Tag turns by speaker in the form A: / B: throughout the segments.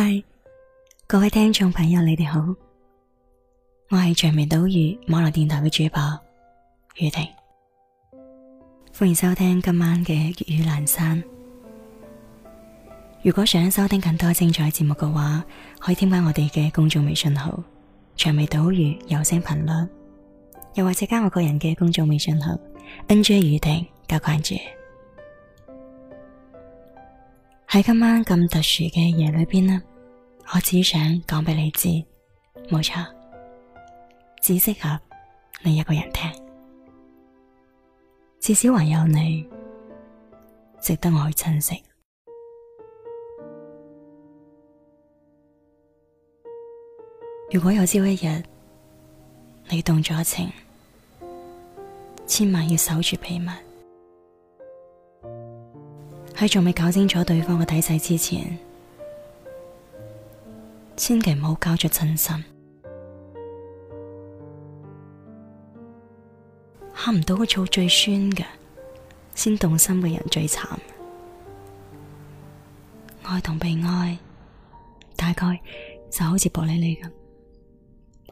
A: 嗨，各位聽眾朋友，你哋好，我係長尾島嶼網絡電台嘅主播雨婷，歡迎收聽今晚嘅粵語闌珊。如果想收聽更多精彩節目嘅話，可以添加我哋嘅公眾微信號長尾島嶼有聲頻率，又或者加我個人嘅公眾微信號 nj 雨婷加關注。喺今晚咁特殊嘅夜裏邊呢？我只想講俾你知，冇錯，只適合你一個人聽。至少還有你，值得我去珍惜。如果有朝一日你動咗情，千萬要守住秘密。喺仲未搞清楚對方嘅底細之前。千祈唔好搞着真心，吓唔到個醋最酸嘅，先動心嘅人最慘。愛同被愛，大概就好似玻璃嚟嘅。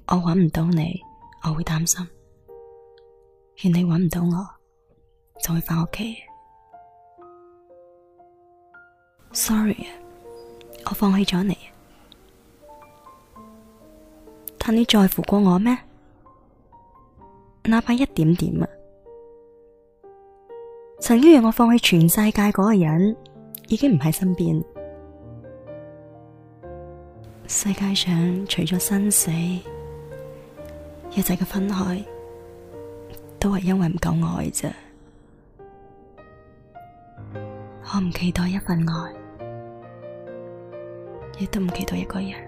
A: 我搵唔到你，我會擔心，而你搵唔到我，就會返屋企。Sorry，我放棄咗你。你在乎過我咩？哪怕一點點啊！曾經讓我放棄全世界嗰個人，已經唔喺身邊。世界上除咗生死，一切嘅分開都係因為唔夠愛啫。我唔期待一份愛，亦都唔期待一個人。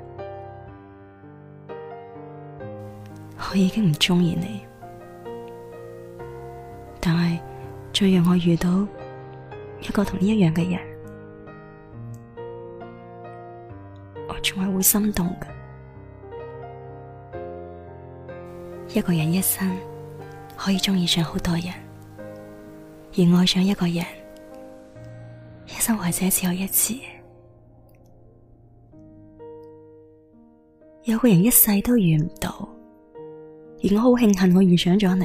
A: 我已經唔中意你，但係最讓我遇到一個同你一樣嘅人，我仲係會心動嘅。一個人一生可以中意上好多人，而愛上一個人，一生或者只有一次，有個人一世都遇唔到。而我好慶幸我遇上咗你，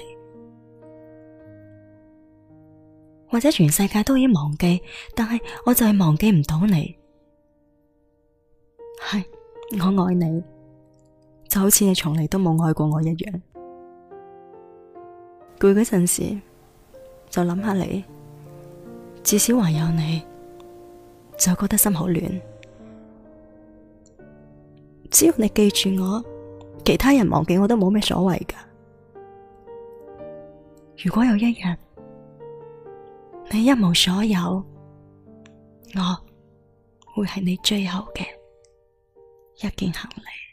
A: 或者全世界都已經忘記，但係我就係忘記唔到你。唉，我愛你，就好似你從嚟都冇愛過我一樣。攰嗰陣時，就諗下你，至少還有你，就覺得心好暖。只要你記住我。其他人忘記我都冇咩所謂㗎。如果有一日你一無所有，我會係你最後嘅一件行李。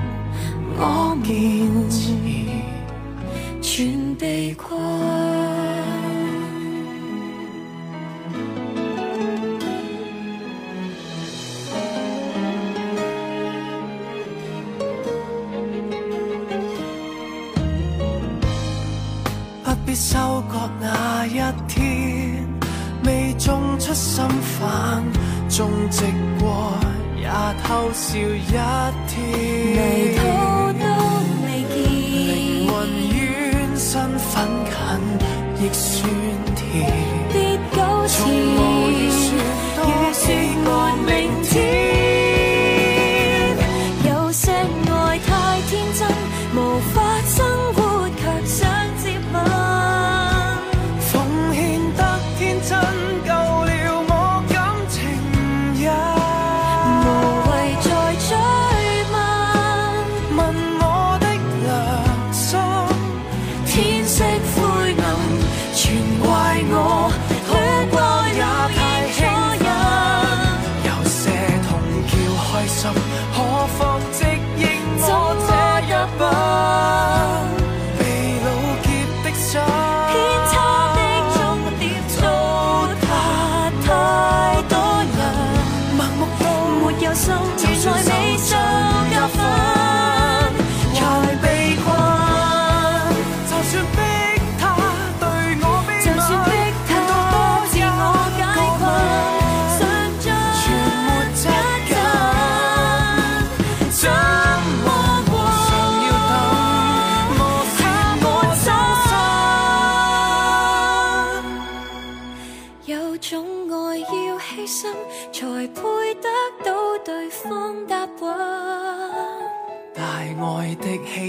B: 我面前全被困， 不必收割那一天，未種出心煩，種植過也偷笑一天。